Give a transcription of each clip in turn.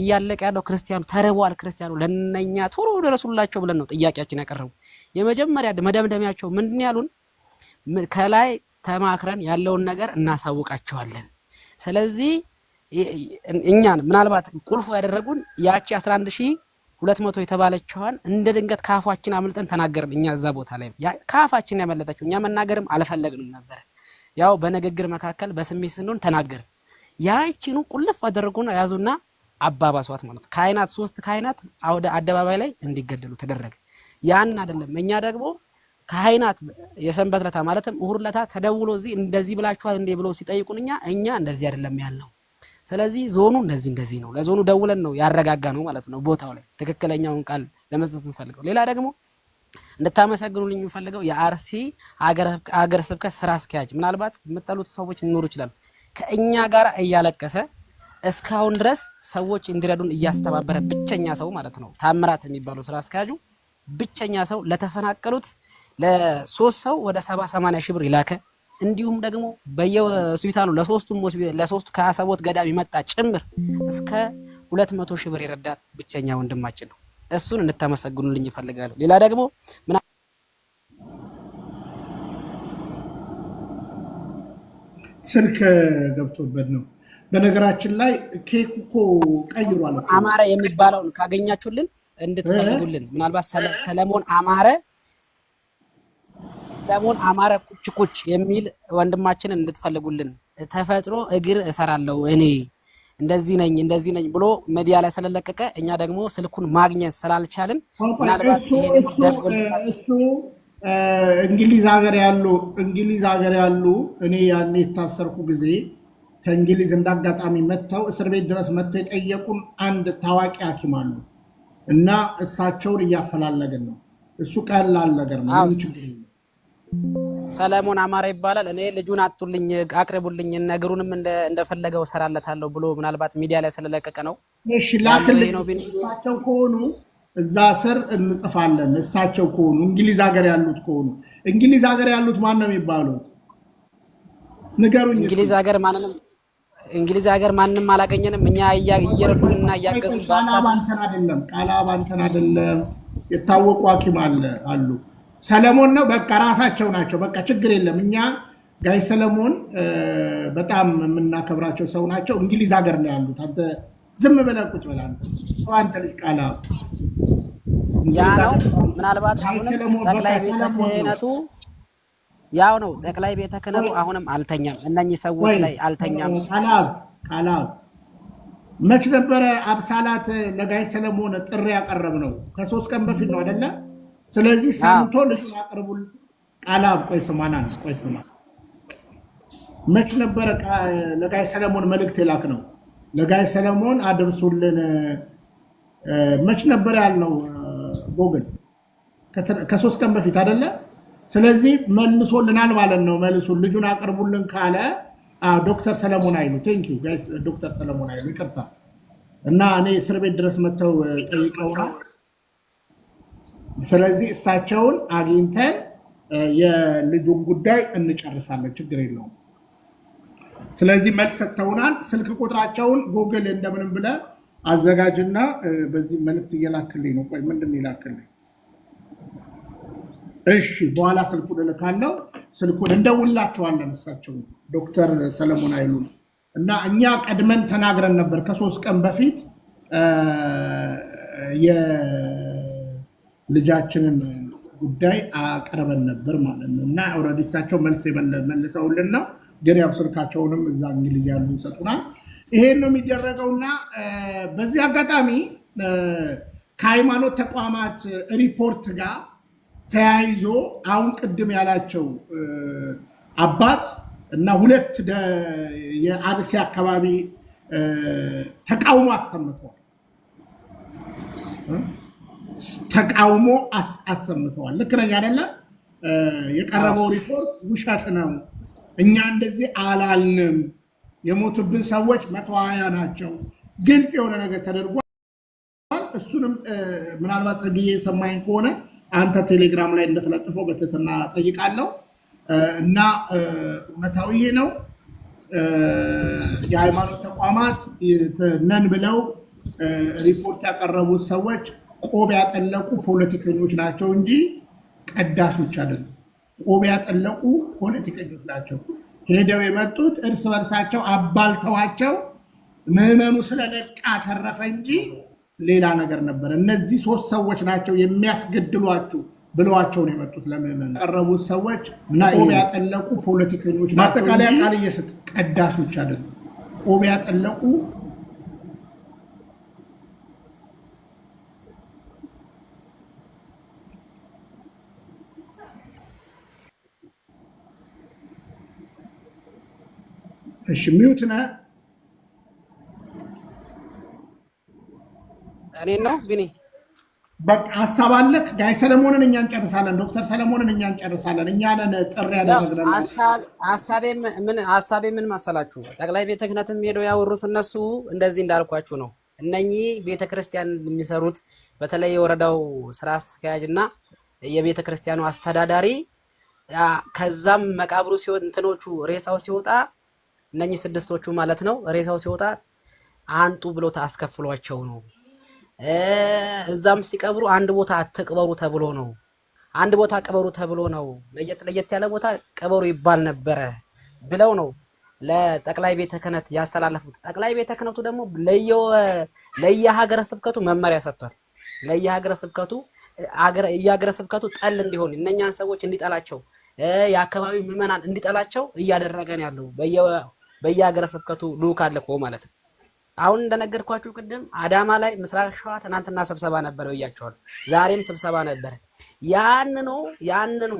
እያለቀ ያለው ክርስቲያኑ ተርቧል። ክርስቲያኑ ለነኛ ቶሎ ደረሱላቸው ብለን ነው ጥያቄያችን ያቀረቡ። የመጀመሪያ መደምደሚያቸው ምንድን ያሉን ከላይ ተማክረን ያለውን ነገር እናሳውቃቸዋለን። ስለዚህ እኛን ምናልባት ቁልፉ ያደረጉን ያቺ 11 ሺህ ሁለት መቶ የተባለችዋን እንደ ድንገት ካፋችን አምልጠን ተናገርን። እኛ እዛ ቦታ ላይ ካፋችን ያመለጠችው እኛ መናገርም አልፈለግንም ነበር። ያው በንግግር መካከል በስሜት ስንሆን ተናገርን። ያቺኑ ቁልፍ አደረጉና ያዙና አባባሷት ማለት ካህናት ሶስት ካህናት አውደ አደባባይ ላይ እንዲገደሉ ተደረገ። ያን አይደለም እኛ ደግሞ ካህናት የሰንበት ለታ ማለትም እሁድ ለታ ተደውሎ እዚህ እንደዚህ ብላችኋል እንዴ ብሎ ሲጠይቁን እኛ እኛ እንደዚህ አይደለም ያልነው። ስለዚህ ዞኑ እንደዚህ እንደዚህ ነው፣ ለዞኑ ደውለን ነው ያረጋጋ ነው ማለት ነው። ቦታው ላይ ትክክለኛውን ቃል ለመስጠት እንፈልገው። ሌላ ደግሞ እንድታመሰግኑልኝ የምፈልገው የአርሲ ሀገረ ስብከት ስራ አስኪያጅ፣ ምናልባት የምጠሉት ሰዎች ሊኖሩ ይችላሉ ከእኛ ጋር እያለቀሰ እስካሁን ድረስ ሰዎች እንዲረዱን እያስተባበረ ብቸኛ ሰው ማለት ነው። ታምራት የሚባለው ስራ አስኪያጁ ብቸኛ ሰው ለተፈናቀሉት ለሶስት ሰው ወደ ሰባ ሰማንያ ሺህ ብር ይላከ እንዲሁም ደግሞ በየሆስፒታሉ ለሶስቱም ለሶስቱ ከአሰቦት ገዳም ይመጣ ጭምር እስከ ሁለት መቶ ሺህ ብር የረዳ ብቸኛ ወንድማችን ነው። እሱን እንድታመሰግኑልኝ ይፈልጋለሁ። ሌላ ደግሞ ስልክ ገብቶበት ነው በነገራችን ላይ ኬክ እኮ ቀይሯል። አማረ የሚባለውን ካገኛችሁልን እንድትፈልጉልን ምናልባት ሰለሞን አማረ ሰለሞን አማረ ኩች ኩች የሚል ወንድማችንን እንድትፈልጉልን። ተፈጥሮ እግር እሰራለሁ እኔ እንደዚህ ነኝ እንደዚህ ነኝ ብሎ ሚዲያ ላይ ስለለቀቀ እኛ ደግሞ ስልኩን ማግኘት ስላልቻልን ምናልባት እንግሊዝ ሀገር ያሉ እንግሊዝ ሀገር ያሉ እኔ ያኔ የታሰርኩ ጊዜ ከእንግሊዝ እንዳጋጣሚ መጥተው እስር ቤት ድረስ መጥተው የጠየቁን አንድ ታዋቂ ሐኪም አሉ እና እሳቸውን እያፈላለግን ነው። እሱ ቀላል ነገር ነው። ሰለሞን አማራ ይባላል። እኔ ልጁን አጡልኝ፣ አቅርቡልኝ፣ ነገሩንም እንደፈለገው እሰራለታለሁ ብሎ ምናልባት ሚዲያ ላይ ስለለቀቀ ነው። እሳቸው ከሆኑ እዛ ስር እንጽፋለን። እሳቸው ከሆኑ እንግሊዝ ሀገር ያሉት ከሆኑ እንግሊዝ ሀገር ያሉት ማን ነው የሚባሉት? ንገሩኝ። እንግሊዝ ሀገር ማንንም እንግሊዝ ሀገር ማንም አላገኘንም። እኛ እየረዱንና እያገዙን በሀሳብ አንተን አይደለም ቃላብ አንተን አይደለም። የታወቁ ሐኪም አለ አሉ ሰለሞን ነው በቃ ራሳቸው ናቸው። በቃ ችግር የለም። እኛ ጋይ ሰለሞን በጣም የምናከብራቸው ሰው ናቸው። እንግሊዝ ሀገር ነው ያሉት። አንተ ዝም ብለህ ቁጭ ብለህ ሰው አንተ ልጅ ቃላብ ያ ነው ምናልባት አሁንም ጠቅላይ ቤተ ክህነቱ ያው ነው። ጠቅላይ ቤተ ክህነቱ አሁንም አልተኛም፣ እነኚህ ሰዎች ላይ አልተኛም። ቃላብ መች ነበረ አብሳላት ለጋይ ሰለሞን ጥሪ ያቀረብ ነው? ከሶስት ቀን በፊት ነው አደለ? ስለዚህ ሳምቶ ልጅ ያቀርቡ ቃላብ ቆይ ስማና ቆይ ስማ፣ መች ነበረ ለጋይ ሰለሞን መልእክት የላክ ነው? ለጋይ ሰለሞን አድርሱልን መች ነበረ ያልነው? ጎግል ከሶስት ቀን በፊት አደለ? ስለዚህ መልሶልናል ማለት ነው። መልሱ ልጁን አቅርቡልን ካለ ዶክተር ሰለሞን አይሉ ቴንክ ዩ ጋይስ። ዶክተር ሰለሞን አይሉ ይቅርታ እና እኔ እስር ቤት ድረስ መጥተው ጠይቀው ስለዚህ እሳቸውን አግኝተን የልጁን ጉዳይ እንጨርሳለን። ችግር የለውም። ስለዚህ መልስ ሰጥተውናል። ስልክ ቁጥራቸውን ጎግል እንደምንም ብለህ አዘጋጅና በዚህ መልዕክት እየላክልኝ ነው። ቆይ ምንድን ይላክልኝ? እሺ በኋላ ስልኩን እልካለሁ። ስልኩን እንደውላቸዋለን። እሳቸው ዶክተር ሰለሞን አይሉ እና እኛ ቀድመን ተናግረን ነበር ከሶስት ቀን በፊት የልጃችንን ጉዳይ አቅርበን ነበር ማለት ነው። እና ኦልሬዲ እሳቸው መልስ መልሰውልን ነው፣ ግን ያው ስልካቸውንም እዛ እንግሊዝ ያሉ ይሰጡናል። ይሄን ነው የሚደረገው። እና በዚህ አጋጣሚ ከሃይማኖት ተቋማት ሪፖርት ጋር ተያይዞ አሁን ቅድም ያላቸው አባት እና ሁለት የአርሲ አካባቢ ተቃውሞ አሰምተዋል። ተቃውሞ አሰምተዋል። ልክ ነኝ የቀረበው ሪፖርት ውሸት ነው፣ እኛ እንደዚህ አላልንም፣ የሞቱብን ሰዎች መቶ ሀያ ናቸው። ግልጽ የሆነ ነገር ተደርጓል። እሱንም ምናልባት ጸግዬ የሰማኝ ከሆነ አንተ ቴሌግራም ላይ እንደተለጥፈው በትህትና ጠይቃለሁ እና እውነታው ይሄ ነው። የሃይማኖት ተቋማት ነን ብለው ሪፖርት ያቀረቡት ሰዎች ቆብ ያጠለቁ ፖለቲከኞች ናቸው እንጂ ቀዳሾች አይደሉም። ቆብ ያጠለቁ ፖለቲከኞች ናቸው። ሄደው የመጡት እርስ በርሳቸው አባልተዋቸው ምዕመኑ ስለነቃ ተረፈ እንጂ ሌላ ነገር ነበር። እነዚህ ሶስት ሰዎች ናቸው የሚያስገድሏችሁ ብለዋቸው ነው የመጡት። ለምዕመን ቀረቡት ሰዎች ቆብ ያጠለቁ ፖለቲከኞች፣ ማጠቃለያ ቃል እየስጥ ቀዳሾች አይደሉም። ቆብ ያጠለቁ እሺ ሚዩት ነህ እኔን ነው ቢኒ በቃ ሀሳብ አለክ። ጋይ ሰለሞንን እኛ እንጨርሳለን። ዶክተር ሰለሞንን እኛ እንጨርሳለን። እኛ ነን ጥሪ ያደረግነው። ሀሳቤ ምን መሰላችሁ? ጠቅላይ ቤተ ክህነትም ሄደው ያወሩት እነሱ እንደዚህ እንዳልኳችሁ ነው። እነኚህ ቤተ ክርስቲያን የሚሰሩት በተለይ የወረዳው ስራ አስኪያጅ እና የቤተ ክርስቲያኑ አስተዳዳሪ ከዛም መቃብሩ ሲሆን እንትኖቹ ሬሳው ሲወጣ እነኚህ ስድስቶቹ ማለት ነው ሬሳው ሲወጣ አንጡ ብሎ አስከፍሏቸው ነው እዛም ሲቀብሩ አንድ ቦታ አትቅበሩ ተብሎ ነው። አንድ ቦታ ቅበሩ ተብሎ ነው። ለየት ለየት ያለ ቦታ ቅበሩ ይባል ነበረ ብለው ነው ለጠቅላይ ቤተ ክህነት ያስተላለፉት። ጠቅላይ ቤተ ክህነቱ ደግሞ ለየሀገረ ስብከቱ መመሪያ ሰጥቷል። ለየሀገረ ስብከቱ የሀገረ ስብከቱ ጠል እንዲሆን እነኛን ሰዎች እንዲጠላቸው የአካባቢው ምዕመናን እንዲጠላቸው እያደረገን ያለው በየሀገረ ስብከቱ ልዑካን ልኮ ማለት ነው። አሁን እንደነገርኳችሁ ቅድም አዳማ ላይ ምስራቅ ሸዋ ትናንትና ስብሰባ ነበር ብያችኋለሁ። ዛሬም ስብሰባ ነበር። ያንኑ ያንኑ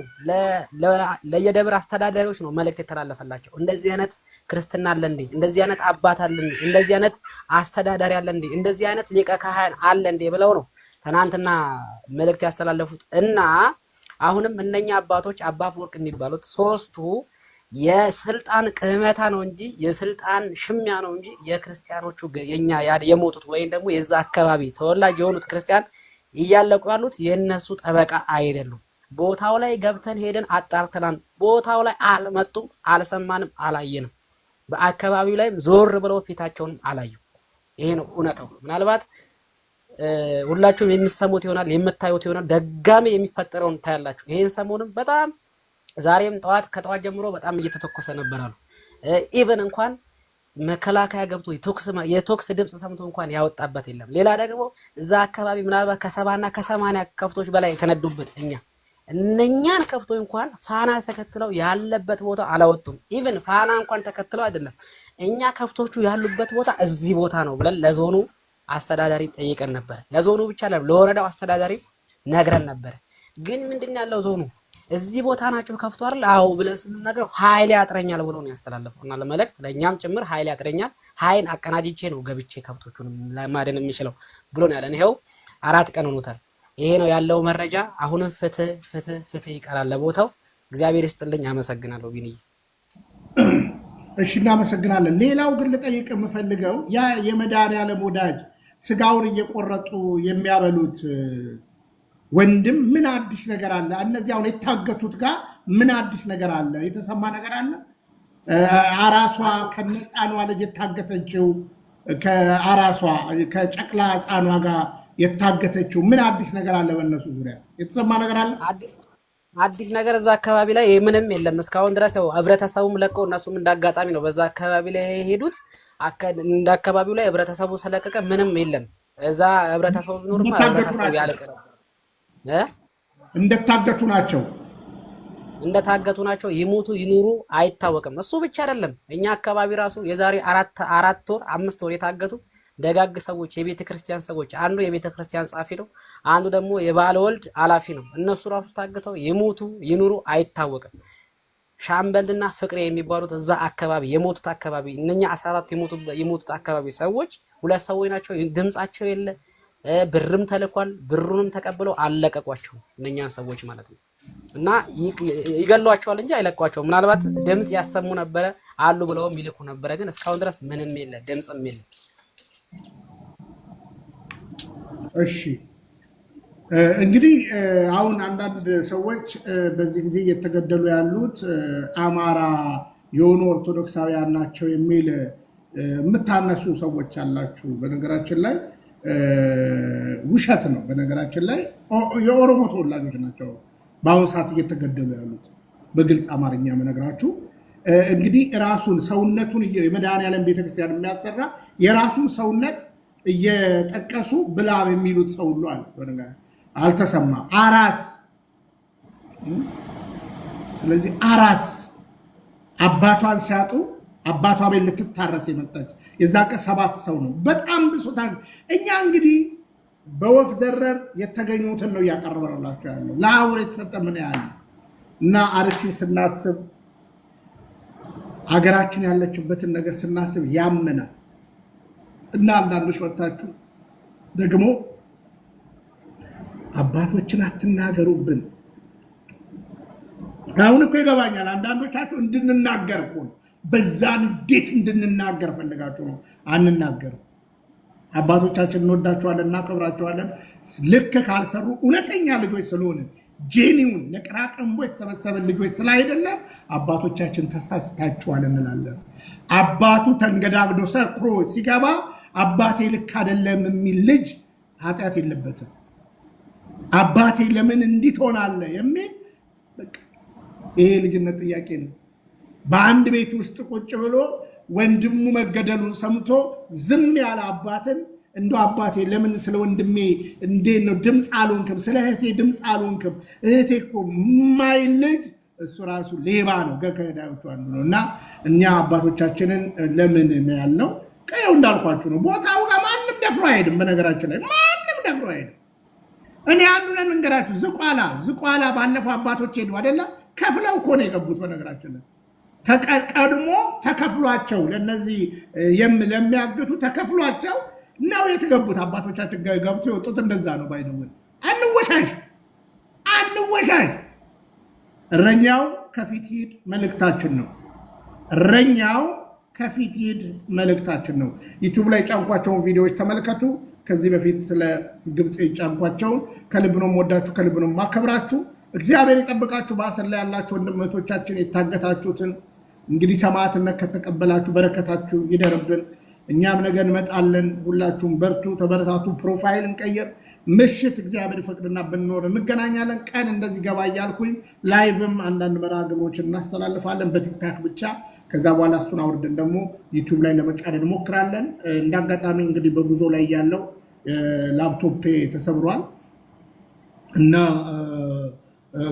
ለየደብር አስተዳዳሪዎች ነው መልእክት የተላለፈላቸው። እንደዚህ አይነት ክርስትና አለ እንዴ? እንደዚህ አይነት አባት አለ እንዴ? እንደዚህ አይነት አስተዳዳሪ አለ እንዴ? እንደዚህ አይነት ሊቀ ካህን አለ እንዴ? ብለው ነው ትናንትና መልእክት ያስተላለፉት እና አሁንም እነኛ አባቶች አባ ወርቅ የሚባሉት ሶስቱ የስልጣን ቅመታ ነው እንጂ የስልጣን ሽሚያ ነው እንጂ የክርስቲያኖቹ የኛ የሞቱት ወይም ደግሞ የዛ አካባቢ ተወላጅ የሆኑት ክርስቲያን እያለቁ ያሉት የነሱ ጠበቃ አይደሉም። ቦታው ላይ ገብተን ሄደን አጣርተናል። ቦታው ላይ አልመጡም፣ አልሰማንም፣ አላየንም። በአካባቢው ላይም ዞር ብለው ፊታቸውንም አላዩ። ይሄ ነው እውነታው። ምናልባት ሁላችሁም የሚሰሙት ይሆናል፣ የምታዩት ይሆናል። ደጋሚ የሚፈጠረውን ታያላችሁ። ይሄን ሰሞንም በጣም ዛሬም ጠዋት ከጠዋት ጀምሮ በጣም እየተተኮሰ ነበረ አሉ። ኢቨን እንኳን መከላከያ ገብቶ የቶክስ ድምፅ ሰምቶ እንኳን ያወጣበት የለም። ሌላ ደግሞ እዛ አካባቢ ምናልባት ከሰባና ከሰማንያ ከፍቶች በላይ የተነዱብን እኛ እነኛን ከፍቶ እንኳን ፋና ተከትለው ያለበት ቦታ አላወጡም። ኢቨን ፋና እንኳን ተከትለው አይደለም እኛ ከፍቶቹ ያሉበት ቦታ እዚህ ቦታ ነው ብለን ለዞኑ አስተዳዳሪ ጠይቀን ነበር። ለዞኑ ብቻ ለወረዳው አስተዳዳሪ ነግረን ነበር። ግን ምንድን ያለው ዞኑ እዚህ ቦታ ናቸው ከፍቶ አይደል? አዎ ብለን ስንነግረው ኃይል ያጥረኛል ብሎ ነው ያስተላለፈው እና ለመልእክት ለእኛም ጭምር ኃይል ያጥረኛል፣ ኃይል አቀናጅቼ ነው ገብቼ ከብቶቹን ለማደን የሚችለው ብሎ ነው ያለን። ይኸው አራት ቀን ሆኖታል። ይሄ ነው ያለው መረጃ። አሁንም ፍትህ ፍትህ ፍትህ ይቀራል ለቦታው። እግዚአብሔር ይስጥልኝ። አመሰግናለሁ ቢንዬ። እሺ እናመሰግናለን። ሌላው ግን ልጠይቅ የምፈልገው ያ የመድኃኒዓለም ወዳጅ ስጋውን እየቆረጡ የሚያበሉት ወንድም ምን አዲስ ነገር አለ? እነዚህ አሁን የታገቱት ጋር ምን አዲስ ነገር አለ? የተሰማ ነገር አለ? አራሷ ከነጻኗ ልጅ የታገተችው ከአራሷ ከጨቅላ ህፃኗ ጋር የታገተችው ምን አዲስ ነገር አለ? በእነሱ ዙሪያ የተሰማ ነገር አለ? አዲስ ነገር እዛ አካባቢ ላይ ምንም የለም እስካሁን ድረስ። ያው ህብረተሰቡም ለቀው እነሱም እንዳጋጣሚ ነው በዛ አካባቢ ላይ የሄዱት። እንደ አካባቢው ላይ ህብረተሰቡ ስለቀቀ ምንም የለም። እዛ ህብረተሰቡ ቢኖርማ ህብረተሰቡ ያለቀ ነው እንደታገቱ ናቸው እንደታገቱ ናቸው። ይሞቱ ይኑሩ አይታወቅም። እሱ ብቻ አይደለም። እኛ አካባቢ ራሱ የዛሬ አራት አራት ወር አምስት ወር የታገቱ ደጋግ ሰዎች የቤተ ክርስቲያን ሰዎች አንዱ የቤተ ክርስቲያን ጻፊ ነው፣ አንዱ ደግሞ የባለ ወልድ ኃላፊ ነው። እነሱ ራሱ ታግተው ይሞቱ ይኑሩ አይታወቅም። ሻምበልና ፍቅሬ የሚባሉት እዛ አካባቢ የሞቱት አካባቢ እነኛ 14 የሞቱት አካባቢ ሰዎች ሁለት ሰዎች ናቸው። ድምጻቸው የለ ብርም ተልኳል። ብሩንም ተቀብለው አለቀቋቸው እነኛን ሰዎች ማለት ነው። እና ይገሏቸዋል እንጂ አይለቋቸው ምናልባት ድምፅ ያሰሙ ነበረ አሉ ብለውም ይልኩ ነበረ፣ ግን እስካሁን ድረስ ምንም የለ ድምፅም የለ። እሺ እንግዲህ አሁን አንዳንድ ሰዎች በዚህ ጊዜ እየተገደሉ ያሉት አማራ የሆኑ ኦርቶዶክሳውያን ናቸው የሚል የምታነሱ ሰዎች አላችሁ በነገራችን ላይ ውሸት ነው። በነገራችን ላይ የኦሮሞ ተወላጆች ናቸው በአሁኑ ሰዓት እየተገደሉ ያሉት። በግልጽ አማርኛ መነግራችሁ እንግዲህ ራሱን ሰውነቱን የመድኃኔዓለም ቤተክርስቲያን የሚያሰራ የራሱን ሰውነት እየጠቀሱ ብላ የሚሉት ሰው ሁሉ አልተሰማ አራስ። ስለዚህ አራስ አባቷን ሲያጡ አባቷ ቤት ልትታረስ የመጣች የዛ ቀን ሰባት ሰው ነው። በጣም ብሶታ። እኛ እንግዲህ በወፍ ዘረር የተገኙትን ነው እያቀረበላቸው ያለው። ለአሁን የተሰጠ ምን ያለ እና አርሲ ስናስብ ሀገራችን ያለችበትን ነገር ስናስብ ያምናል። እና አንዳንዶች ወታችሁ ደግሞ አባቶችን አትናገሩብን። አሁን እኮ ይገባኛል። አንዳንዶቻችሁ እንድንናገር እኮ ነው በዛን እንዴት እንድንናገር ፈልጋችሁ ነው። አንናገርም። አባቶቻችን እንወዳቸዋለን፣ እናከብራቸዋለን። ልክ ካልሰሩ እውነተኛ ልጆች ስለሆነ ጄኒውን ለቅራቅንቦ የተሰበሰበን ልጆች ስላይደለም አባቶቻችን ተሳስታችኋል እንላለን። አባቱ ተንገዳግዶ ሰክሮ ሲገባ አባቴ ልክ አይደለም የሚል ልጅ ኃጢአት የለበትም። አባቴ ለምን እንዲህ ትሆናለህ የሚል ይሄ ልጅነት ጥያቄ ነው። በአንድ ቤት ውስጥ ቁጭ ብሎ ወንድሙ መገደሉን ሰምቶ ዝም ያለ አባትን እንደ አባቴ ለምን ስለ ወንድሜ እንዴ ነው ድምፅ አልሆንክም? ስለ እህቴ ድምፅ አልሆንክም? እህቴ እኮ ማይን ልጅ እሱ ራሱ ሌባ ነው፣ ከከዳዮቹ አንዱ ነው። እና እኛ አባቶቻችንን ለምን ነው ያልነው? ቀየው እንዳልኳችሁ ነው። ቦታው ጋር ማንም ደፍሮ አይሄድም። በነገራችን ላይ ማንም ደፍሮ አይሄድም። እኔ አንዱ ለምንገራችሁ ዝቋላ ዝቋላ ባለፈው አባቶች ሄዱ አይደለ? ከፍለው እኮ ነው የገቡት በነገራችን ላይ ቀድሞ ተከፍሏቸው ለነዚህ ለሚያግቱ ተከፍሏቸው ነው የተገቡት። አባቶቻችን ገብቶ የወጡት እንደዛ ነው። ባይነውን አንወሻሽ አንወሻሽ። እረኛው ከፊት ሂድ መልእክታችን ነው። እረኛው ከፊት ሂድ መልእክታችን ነው። ዩቱብ ላይ ጫንኳቸውን ቪዲዮዎች ተመልከቱ። ከዚህ በፊት ስለ ግብፅ ጫንኳቸውን ከልብ ነው ወዳችሁ፣ ከልብ ነው ማከብራችሁ። እግዚአብሔር ይጠብቃችሁ። በአስር ላይ ያላችሁ ወንድም እህቶቻችን የታገታችሁትን እንግዲህ ሰማዕትነት ከተቀበላችሁ በረከታችሁ ይደርብን። እኛም ነገ እንመጣለን። ሁላችሁም በርቱ፣ ተበረታቱ። ፕሮፋይል እንቀይር። ምሽት እግዚአብሔር ፈቅድና ብንኖር እንገናኛለን። ቀን እንደዚህ ገባ እያልኩኝ ላይቭም አንዳንድ መርሃ ግብሮችን እናስተላልፋለን በቲክታክ ብቻ። ከዛ በኋላ እሱን አውርድን ደግሞ ዩቱብ ላይ ለመጫን እንሞክራለን። እንዳጋጣሚ እንግዲህ በጉዞ ላይ ያለው ላፕቶፔ ተሰብሯል እና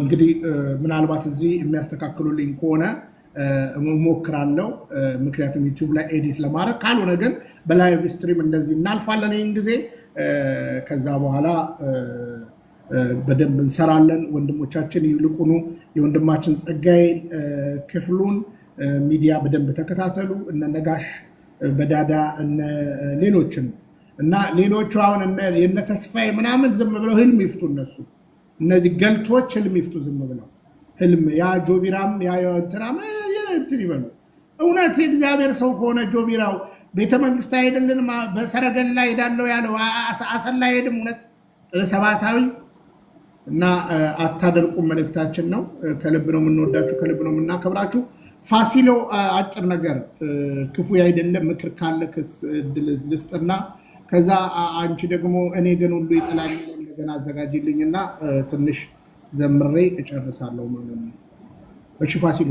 እንግዲህ ምናልባት እዚህ የሚያስተካክሉልኝ ከሆነ ሞክራለው። ምክንያቱም ዩቱብ ላይ ኤዲት ለማድረግ ካልሆነ ግን በላይቭ ስትሪም እንደዚህ እናልፋለን። ይህን ጊዜ ከዛ በኋላ በደንብ እንሰራለን። ወንድሞቻችን ይልቁኑ የወንድማችን ጸጋዬን ክፍሉን ሚዲያ በደንብ ተከታተሉ። እነ ነጋሽ በዳዳ እነ ሌሎችን እና ሌሎቹ አሁን የነ ተስፋዬ ምናምን ዝም ብለው ህልም ይፍቱ። እነሱ እነዚህ ገልቶች ህልም ይፍቱ ዝም ብለው ህልም ያ ጆቢራም ያ እንትናም እንትን ይበሉ። እውነት የእግዚአብሔር ሰው ከሆነ ጆቢራው ቤተ መንግስት አይሄድልን በሰረገላ ሄዳለው ያለው አሰላ ሄድም እውነት ሰባታዊ እና አታደርቁ መልእክታችን ነው። ከልብ ነው የምንወዳችሁ፣ ከልብ ነው የምናከብራችሁ። ፋሲሎ አጭር ነገር ክፉ አይደለም ምክር ካለ ልስጥና ከዛ አንቺ ደግሞ እኔ ግን ሁሉ ይጠላል እንደገና አዘጋጅልኝና ትንሽ ዘምሬ እጨርሳለሁ ማለት ነው። እሺ ፋሲሎ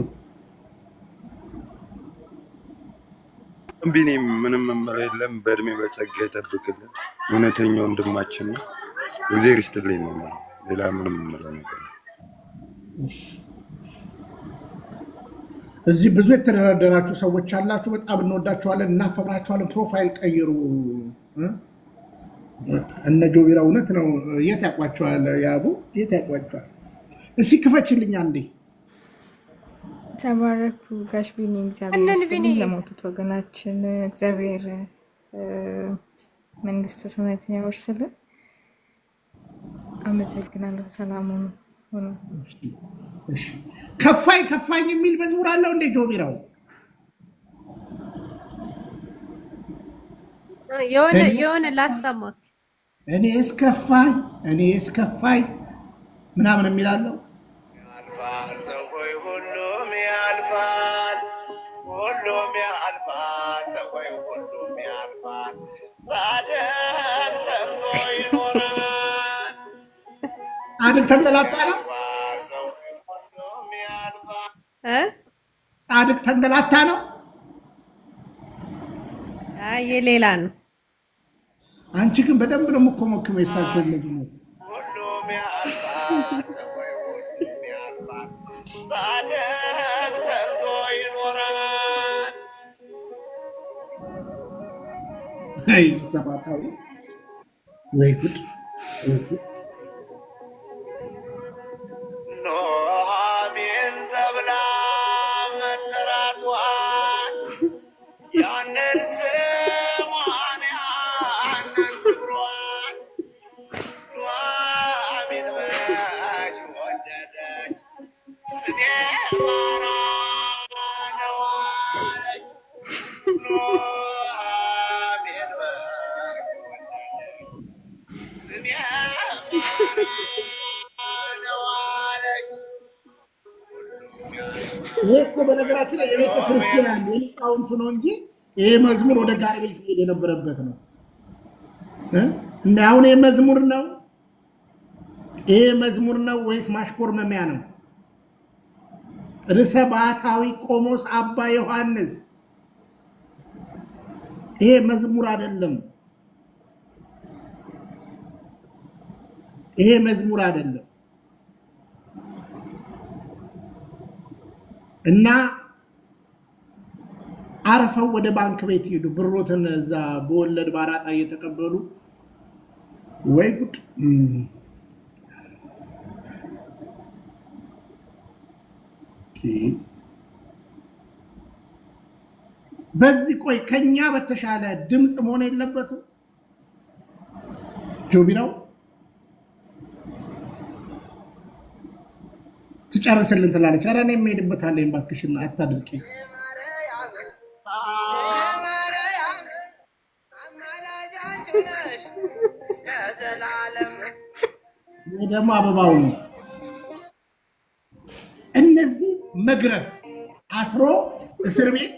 ቢኒ ምንም መመሪያ የለም። በእድሜ በጸጋ ይጠብቅልን። እውነተኛ ወንድማችን ነው። እግዜር ይስጥልኝ ነው ሌላ ምንም የምለው ነገር እዚህ ብዙ የተደረደራችሁ ሰዎች አላችሁ። በጣም እንወዳችኋለን፣ እናከብራችኋለን። ፕሮፋይል ቀይሩ። እነ ጆቢራ እውነት ነው። የት ያውቋቸዋል? ያቡ የት ያውቋቸዋል? እስኪ ክፈችልኝ አንዴ ተባረኩ ጋሽ ቢኒ። እግዚአብሔር ለሞቱት ወገናችን እግዚአብሔር መንግስተ ሰማያትን ያወርስልን። አመሰግናለሁ። ሰላሙ ሆኖ ከፋኝ ከፋኝ የሚል መዝሙር አለው እንዴ? ጆቢራው የሆነ የሆነ ላሰማት እኔ እስከፋኝ እኔ እስከፋኝ ምናምን የሚላለው ጻድቅ ተንገላታ ነው። ጻድቅ ተንገላታ ነው። አይ የሌላ ነው። አንቺ ግን በደንብ ነው የምኮመክመው። የሳቸው ልጅ ነው። ሰባታዊ ወይ ጉድ! ስለሆንኩ ነው እንጂ ይሄ መዝሙር ወደ ጋሪ ቤት የነበረበት ነው። እና አሁን ይሄ መዝሙር ነው ይሄ መዝሙር ነው ወይስ ማሽኮርመሚያ ነው? ርዕሰ ባህታዊ ቆሞስ አባ ዮሐንስ ይሄ መዝሙር አይደለም፣ ይሄ መዝሙር አይደለም እና አረፈው ወደ ባንክ ቤት ሄዱ። ብሮትን እዛ በወለድ ባራጣ እየተቀበሉ ወይ ጉድ! በዚህ ቆይ፣ ከኛ በተሻለ ድምፅ መሆን የለበትም ነው ትጨርስልን ትላለች። ኧረ እኔ የምሄድበታለሁ። እባክሽን አታድርቂ ደግሞ አበባው ነው። እነዚህ መግረፍ አስሮ እስር ቤት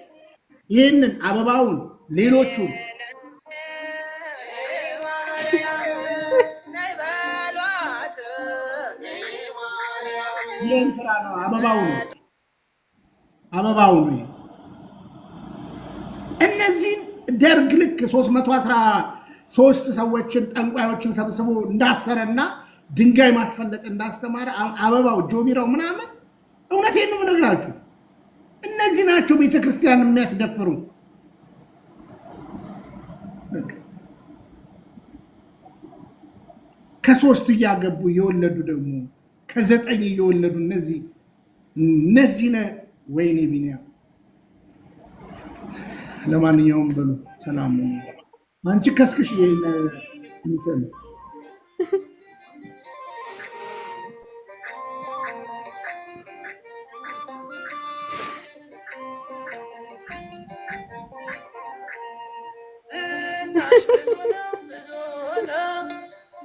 ይህንን አበባውን ሌሎቹን ይንትራ ነው አበባው ነው አበባው ነው። እነዚህን ደርግ ልክ 313 ሰዎችን ጠንቋዮችን ሰብስቦ እንዳሰረና ድንጋይ ማስፈለጥ እንዳስተማረ አበባው ጆቢራው ምናምን እውነት ነው የምነግራችሁ። እነዚህ ናቸው ቤተክርስቲያን የሚያስደፍሩ። ከሶስት እያገቡ እየወለዱ ደግሞ ከዘጠኝ እየወለዱ እነዚህ እነዚህ ነ ወይኔ ቢኒያ። ለማንኛውም በሉ ሰላም አንቺ ከስክሽ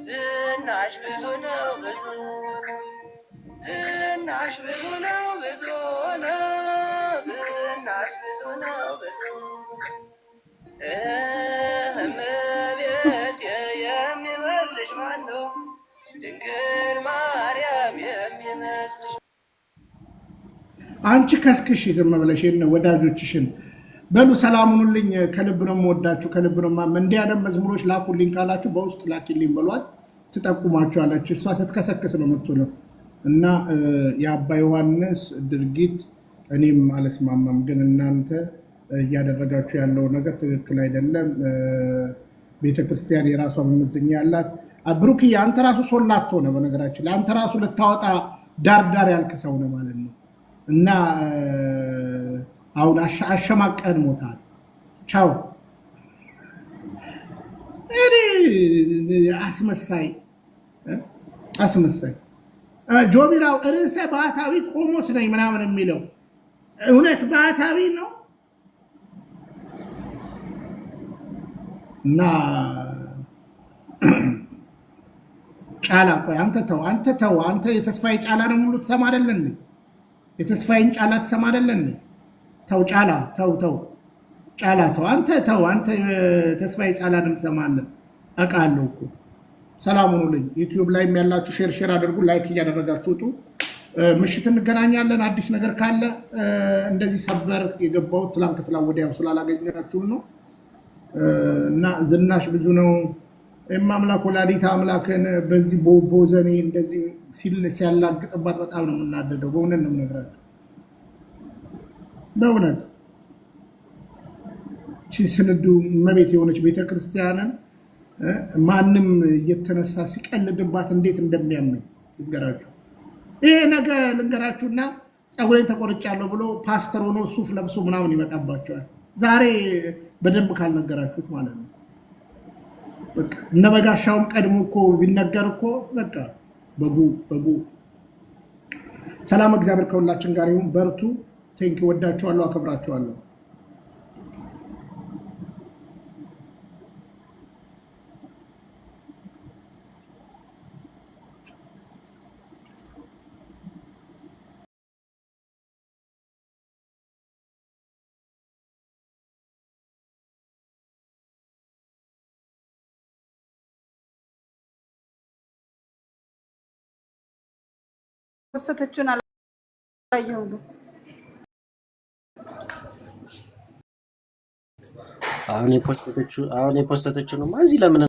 ዝናሽ ብዙ ነው ብዙ ነው እመቤት የሚመስልሽ ማነው? ድንግል ማርያም የሚመስልሽ አንቺ ከስክሽ ዝም ብለሽ ወዳጆችሽን በሉ ሰላም ሁኑልኝ። ከልብ ነው የምወዳችሁ፣ ከልብ ነው እንዲህ ያለ መዝሙሮች ላኩልኝ ካላችሁ በውስጥ ላኪልኝ በሏት፣ ትጠቁማችኋለች። እሷ ስትከሰክስ ነው የምትውለው እና የአባ ዮሐንስ ድርጊት እኔም አልስማማም፣ ግን እናንተ እያደረጋችሁ ያለው ነገር ትክክል አይደለም። ቤተክርስቲያን የራሷ መመዘኛ ያላት። ብሩክ፣ አንተ ራሱ ሶላት ሆነ በነገራችን ላይ አንተ ራሱ ልታወጣ ዳርዳር ያልክ ሰው ነው ማለት ነው እና አሁን አሸማቀን ሞታል። ቻው። እኔ አስመሳይ አስመሳይ ጆቢራው ርዕሰ ባህታዊ ቆሞስ ነኝ ምናምን የሚለው እውነት ባህታዊ ነው። እና ጫላ ቆይ አንተ ተው፣ አንተ ተው፣ አንተ የተስፋዬ ነው ሙሉ ትሰማ አይደለን? የተስፋዬን ጫላ ትሰማ አይደለን? ተው ጫላ ተው ተው ጫላ ተው አንተ ተው አንተ ተስፋዬ ጫላ ድምፅ ሰማለን አውቃለሁ እኮ። ሰላም ሁኑልኝ። ዩቲዩብ ላይም ያላችሁ ሼር ሼር አድርጉ፣ ላይክ እያደረጋችሁ ውጡ። ምሽት እንገናኛለን። አዲስ ነገር ካለ እንደዚህ ሰበር የገባው ትላንት ከትላንት ወዲያው ስላላገኘናችሁም ነው እና ዝናሽ ብዙ ነው የማምላክ ወላዲት አምላክን በዚህ ቦቦ ዘኔ እንደዚህ ሲል ሲያላግጥባት በጣም ነው የምናደደው። በእውነት ነው የምነግራቸው በእውነት ስንዱ እመቤት የሆነች ቤተክርስቲያንን ማንም እየተነሳ ሲቀልድባት እንዴት እንደሚያመኝ ልንገራችሁ። ይሄ ነገ ልንገራችሁና ፀጉሬን ተቆርጫለሁ ብሎ ፓስተር ሆኖ ሱፍ ለብሶ ምናምን ይመጣባቸዋል። ዛሬ በደንብ ካልነገራችሁት ማለት ነው። እነ በጋሻውም ቀድሞ እኮ ቢነገር እኮ በቃ በጉ በጉ። ሰላም እግዚአብሔር ከሁላችን ጋር ይሁን። በርቱ። ቴንክ ወዳችኋለሁ፣ አከብራችኋለሁ። ወሰተችውን አላየሁም። አሁን የፖስተተችው አሁን የፖስተተችው ነው እዚህ ለምን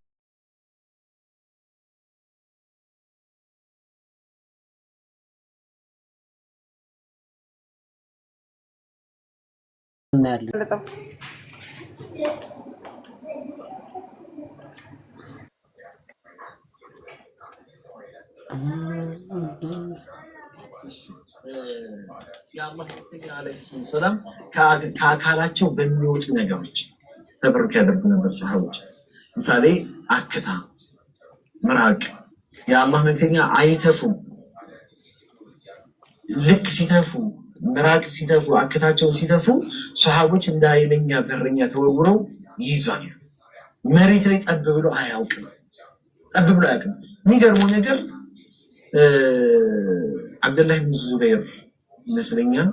ሰላም ከአካላቸው በሚወጡ ነገሮች ተብረክ ያደርጉ ነበር ሰሃቦች። ምሳሌ አክታ፣ ምራቅ። የአላህ መልክተኛ አይተፉ። ልክ ሲተፉ፣ ምራቅ ሲተፉ፣ አክታቸውን ሲተፉ ሰሃቦች እንደ ኃይለኛ በረኛ ተወርውረው ይይዟል። መሬት ላይ ጠብ ብሎ አያውቅም። ጠብ ብሎ አያውቅም። የሚገርመው ነገር አብደላህ ብን ዙበይር ይመስለኛል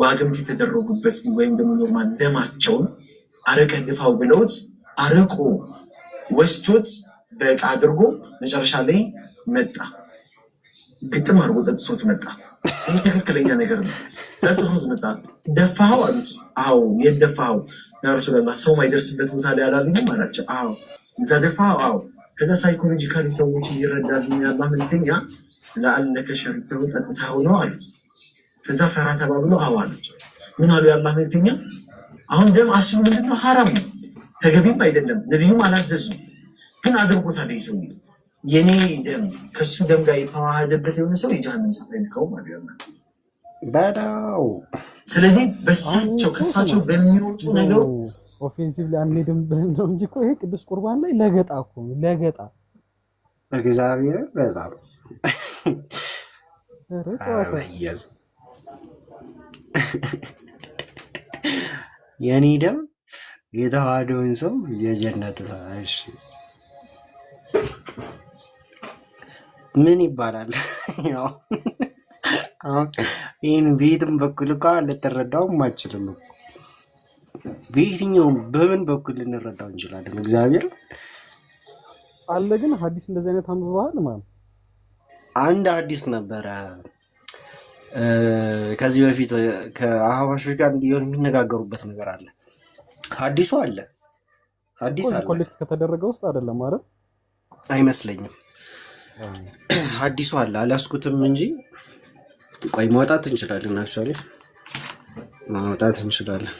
ዋግምት የተደረጉበት ወይም ደግሞ ኖርማል ደማቸውን አረቀ ንፋው ብለውት አረቆ ወስቶት በእቃ አድርጎ መጨረሻ ላይ መጣ። ግጥም አድርጎ ጠጥቶት መጣ። ይህ ትክክለኛ ነገር ነው። ጠጥቶት መጣ። ደፋው አሉት። አዎ የት ደፋኸው? ነርሱ ለማ ሰው ማይደርስበት ቦታ ላይ አላገኙም አላቸው። አዎ እዛ ደፋኸው? አዎ ከዛ ሳይኮሎጂካሊ ሰዎች ይረዳሉ። ያላ ምንተኛ ለአለከ ሸርተው ጠጥታ ሆነው አሉት። ከዛ ፈራ ተባብሎ አዎ አሉት። ምን አሉ ያላ ምንተኛ አሁን ደም አስሩ ምንድን ነው? ሀራም ተገቢም አይደለም። ነቢዩም አላዘዙም፣ ግን አድርጎታል። ይሰው የኔ ደም ከሱ ደም ጋር የተዋሃደበት የሆነ ሰው የጀሃነም እሳት አይልከውም አለ በዳው። ስለዚህ በሳቸው ከሳቸው በሚወጡ ነገር ኦፌንሲቭ ላይ አንሄድም ብለን ነው እንጂ ይሄ ቅዱስ ቁርባን ላይ ለገጣ እኮ ነው ለገጣ እግዚአብሔር በጣም ጨዋታ የኔ ደም የተዋደውን ሰው የጀነት እሺ ምን ይባላል? ይህን በየትም በኩል እኳ ልትረዳውም አችልም። በየትኛውም በምን በኩል ልንረዳው እንችላለን? እግዚአብሔር አለ። ግን ሐዲስ እንደዚህ አይነት አንብበሃል ማለት አንድ ሐዲስ ነበረ ከዚህ በፊት ከአህባሾች ጋር እንዲሆን የሚነጋገሩበት ነገር አለ። አዲሱ አለ አዲስ አለ። ኮሌክት ከተደረገ ውስጥ አይደለም ማለት አይመስለኝም። አዲሱ አለ አላስኩትም እንጂ ቆይ ማውጣት እንችላለን። አክቹዋሊ ማውጣት እንችላለን።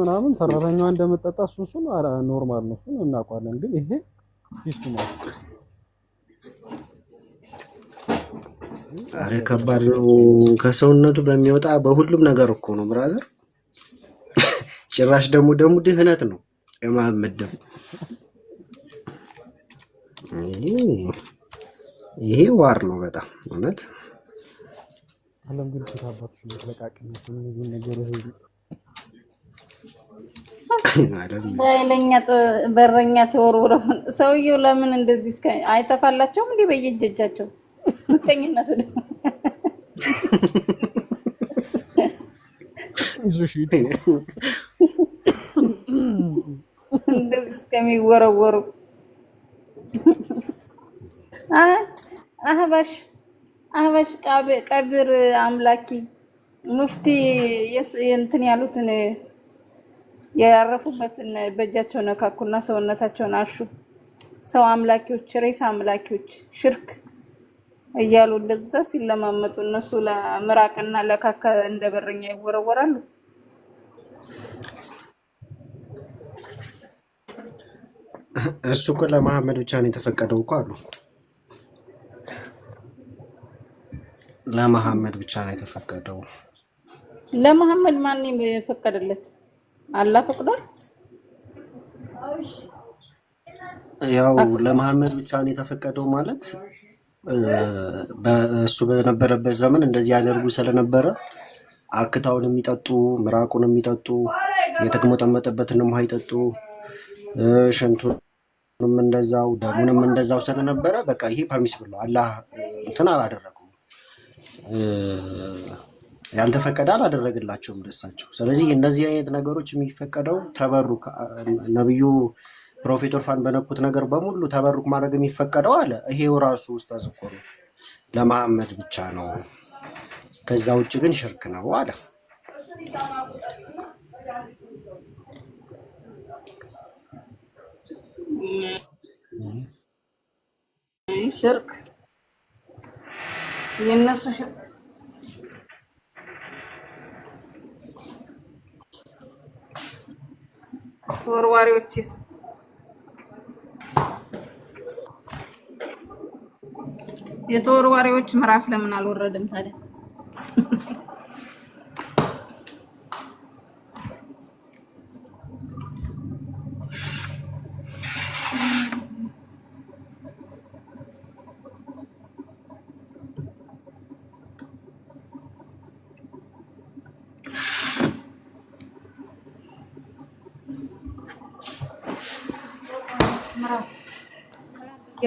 ምናምን ሰራተኛዋ እንደምጠጣ እሱ እሱን ኖርማል ነው፣ እሱን እናውቋለን። ግን ይሄ ፊስቱ ማለት አረ ከባድ ነው። ከሰውነቱ በሚወጣ በሁሉም ነገር እኮ ነው ብራዘር። ጭራሽ ደግሞ ደግሞ ድህነት ነው የማህመድ ይሄ ዋር ነው በጣም እውነት። አለም ግን ከታባቶች መለቃቅነት እነዚህ ለኛ በረኛ ተወርውረው ሰውየው ለምን እንደዚህ አይተፋላቸውም እንዲህ በየጀጃቸው ሁለተኝነቱ ደግሞ እንደዚህ እስከሚወረወሩ አህባሽ አህባሽ ቀብር አምላኪ ሙፍቲ እንትን ያሉትን ያረፉበትን በእጃቸው ነካኩና ሰውነታቸውን አሹ። ሰው አምላኪዎች፣ ሬሳ አምላኪዎች፣ ሽርክ እያሉ እንደዛ ሲለማመጡ እነሱ ለምራቅና ለካካ እንደ በረኛ ይወረወራሉ። እሱ እኮ ለመሐመድ ብቻ ነው የተፈቀደው እኮ አሉ። ለመሐመድ ብቻ ነው የተፈቀደው። ለመሐመድ ማን የፈቀደለት? አላህ ፈቅዷል። ያው ለመሐመድ ብቻ ነው የተፈቀደው ማለት እሱ በነበረበት ዘመን እንደዚህ ያደርጉ ስለነበረ አክታውን የሚጠጡ ምራቁን የሚጠጡ የተግሞጠመጠበትን ውሃ ይጠጡ፣ ሽንቱንም እንደዛው ደሙንም እንደዛው ስለነበረ በቃ ይሄ ፐርሚስ ብሎ አላህ እንትን አላደረጉም፣ ያልተፈቀደ አላደረግላቸውም ደሳቸው። ስለዚህ እንደዚህ አይነት ነገሮች የሚፈቀደው ተበሩ ነብዩ ፕሮፌት ኦርፋን በነኩት ነገር በሙሉ ተበሩክ ማድረግ የሚፈቀደው አለ። ይሄው ራሱ ውስጥ አዝኮሩ ለመሐመድ ብቻ ነው፣ ከዛ ውጭ ግን ሽርክ ነው አለ። ሽርክ የነሱ ተወርዋሪዎችስ የተወርዋሪዎች ምዕራፍ ለምን አልወረድም ታዲያ?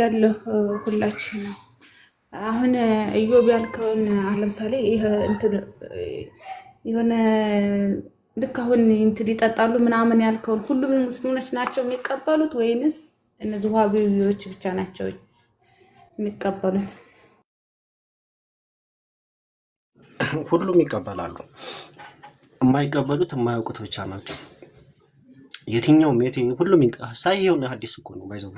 ያለው ሁላችሁ ነው። አሁን እዮብ ያልከውን አሁን ለምሳሌ የሆነ ልክ አሁን እንትን ይጠጣሉ ምናምን ያልከውን ሁሉም ሙስሊሞች ናቸው የሚቀበሉት ወይንስ እነዚህ ውሃቢዎች ብቻ ናቸው የሚቀበሉት? ሁሉም ይቀበላሉ። የማይቀበሉት የማያውቁት ብቻ ናቸው። የትኛውም ሁሉም ሳይ የሆነ አዲስ እኮ ነው ባይዘው